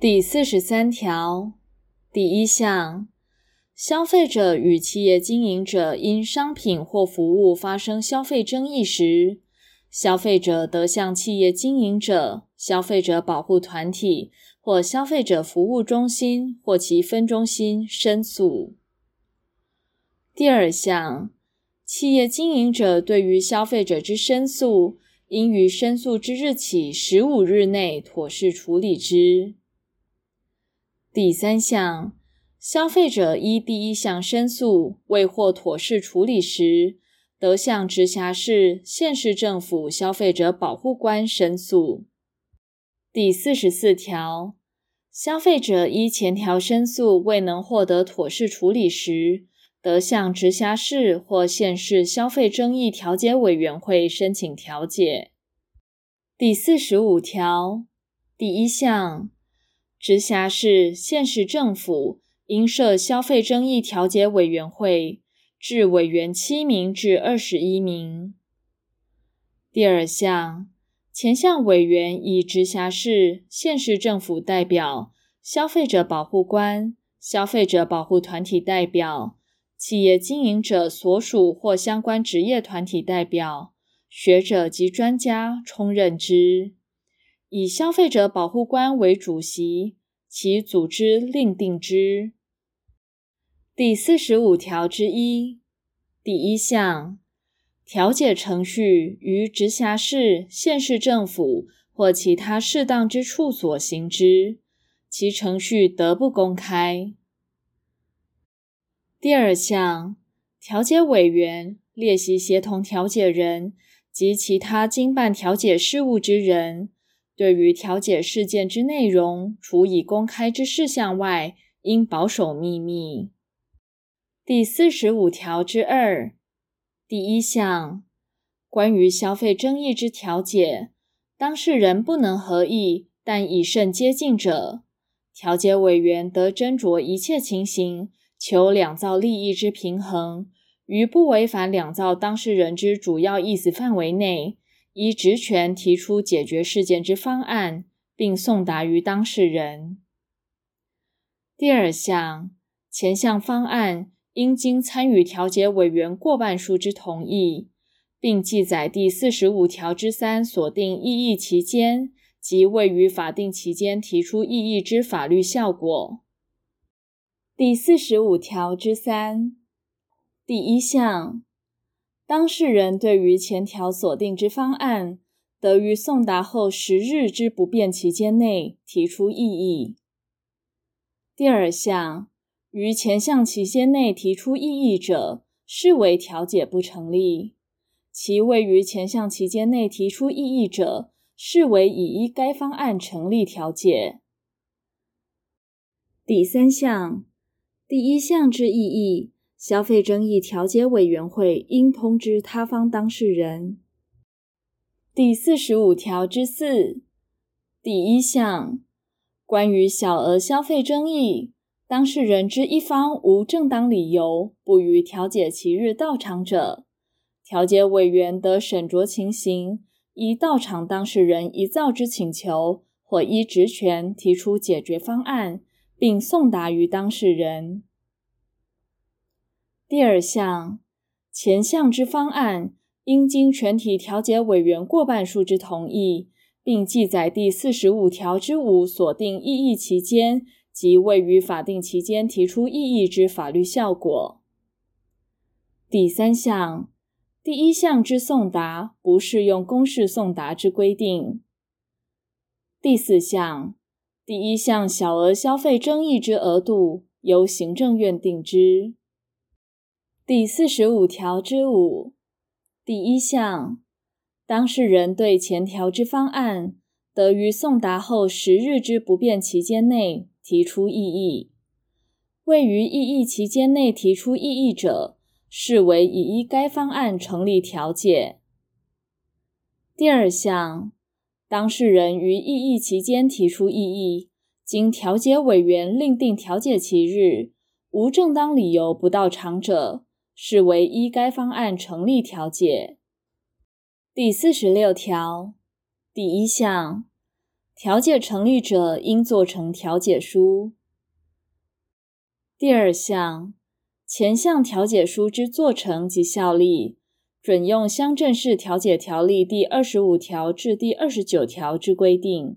第四十三條第一項，消費者與企業經營者因商品或服務發生消費爭議時，消費者得向企業經營者、消費者保護團體或消費者服務中心或其分中心申訴。第二項，企業經營者對於消費者之申訴，應於申訴之日起十五日內妥善處理之。第三項，消費者依第一項申訴未獲妥適處理時，得向直轄市、縣市政府消費者保護官申訴。第四十四條，消費者依前條申訴未能獲得妥適處理時，得向直轄市或縣市消費爭議調解委員會申請調解。第四十五條，第一項。直轄市、縣市政府應設消費爭議調解委員會，置委員七名至二十一名。第二項，前項委員以直轄市、縣市政府代表、消費者保護官、消費者保護團體代表、企業經營者所屬或相關職業團體代表、學者及專家充任之，以消費者保護官為主席。其組織另定之。第四十五條之一第一項，調解程序於直轄市、縣市政府或其他適當之處所行之，其程序得不公開。第二項，調解委員列席協同調解人及其他經辦調解事務之人。對於調解事件之內容，除已公開之事項外，應保守秘密。第四十五條之二第一項，關於消費爭議之調解，當事人不能合意，但已甚接近者，調解委員得斟酌一切情形，求兩造利益之平衡，於不違反兩造當事人之主要意思範圍內，以依職權提出解決事件之方案，並送達於當事人。第二項，前項方案應經參與調解委員過半數之同意，並記載第四十五條之三所定異議期間及未於法定期間提出異議之法律效果。第四十五條之三第一項。當事人對於前條所定之方案，得於送達後十日之不變期間內提出異議。第二項，於前項期間內提出異議者，視為調解不成立；其未於前項期間內提出異議者，視為已依該方案成立調解。第三項，第一項之異議。消費爭議調解委員會應通知他方當事人。第四十五條之四第一項，關於小額消費爭議，當事人之一方無正當理由不予調解其日到場者，調解委員得審酌情形，依到場當事人一造之請求，或依職權提出解決方案，並送達於當事人。第二項，前項之方案，應經全體調解委員過半數之同意，並記載第四十五條之五所定異議期間及未於法定期間提出異議之法律效果。第三項，第一項之送達不適用公示送達之規定。第四項，第一項小額消費爭議之額度，由行政院定之。第四十五條之五第一項，當事人對前條之方案得於送達後十日之不變期間內提出異議，未於異議期間內提出異議者，視為已依該方案成立調解。第二項，當事人於異議期間提出異議，經調解委員另定調解期日，無正當理由不到場者。是唯一該方案成立調解。第四十六條第一項，調解成立者應做成調解書。第二項，前項調解書之做成及效力，準用鄉鎮市調解條例第二十五條至第二十九條之規定。